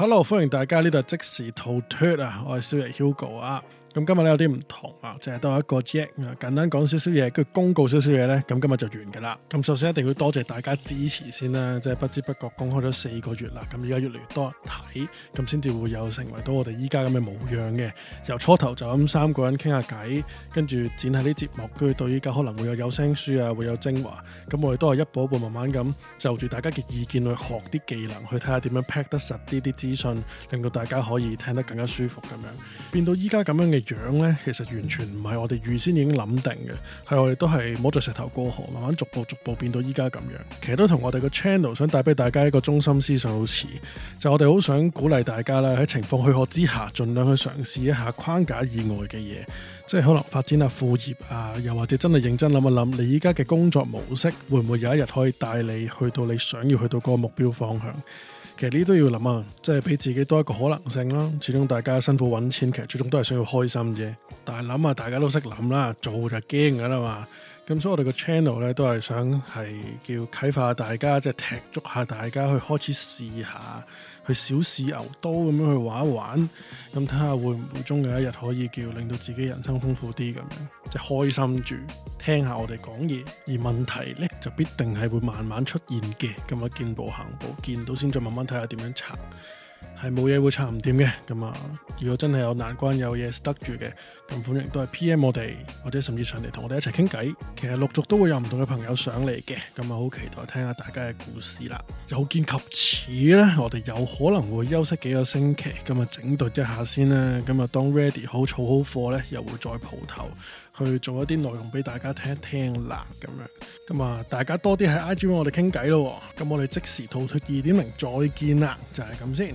Hello，歡迎大家呢度職時逃脫啊。我係小日，Hugo 啊。咁今日咧有啲唔同啊，淨係得一個 Jack 啊，簡單講少少嘢，跟住公告少少嘢咧，咁今日就完噶啦。咁首先一定要多謝大家支持先啦，即係不知不覺公開咗四個月啦，咁而家越嚟越多人睇，咁先至會有成為到我哋依家咁嘅模樣嘅。由初頭就咁三個人傾下偈，跟住剪下啲節目，跟住到依家可能會有有聲書啊，會有精華。咁我哋都係一步一步慢慢咁就住大家嘅意見去學啲技能，去睇下點樣 pack 得實啲啲資訊，令到大家可以聽得更加舒服咁樣，變到依家咁樣嘅。樣咧，其實完全唔係我哋預先已經諗定嘅，係我哋都係摸着石頭過河，慢慢逐步逐步變到依家咁樣。其實都同我哋個 channel 想帶俾大家一個中心思想好似，就我哋好想鼓勵大家咧，喺情況許可之下，盡量去嘗試一下框架以外嘅嘢，即係可能發展下副業啊，又或者真係認真諗一諗，你依家嘅工作模式會唔會有一日可以帶你去到你想要去到個目標方向？其實呢都要諗啊，即係俾自己多一個可能性啦。始終大家辛苦揾錢，其實最終都係想要開心嘅。但諗諗啊，大家都識諗啦，做就驚㗎啦嘛。咁所以我哋個 channel 咧，都係想係叫啟發大家，即係踢足下大家去開始試下，去小試牛刀咁樣去玩一玩，咁睇下會唔會終有一日可以叫令到自己人生豐富啲咁樣，即係開心住聽下我哋講嘢，而問題呢，就必定係會慢慢出現嘅。咁啊，見步行步，步，見到先再慢慢睇下點樣拆。係冇嘢會差唔掂嘅，咁啊，如果真係有難關，有嘢 stuck 住嘅，咁款型都係 PM 我哋，或者甚至上嚟同我哋一齊傾偈。其實陸續都會有唔同嘅朋友上嚟嘅，咁啊好期待聽下大家嘅故事啦。有見及此呢，我哋有可能會休息幾個星期，咁啊整頓一下先啦。咁啊當 ready 好，儲好貨呢，又會再蒲頭去做一啲內容俾大家聽一聽啦。咁樣，咁啊大家多啲喺 IG 同我哋傾偈咯。咁我哋職時逃脫二點零，再見啦，就係咁先。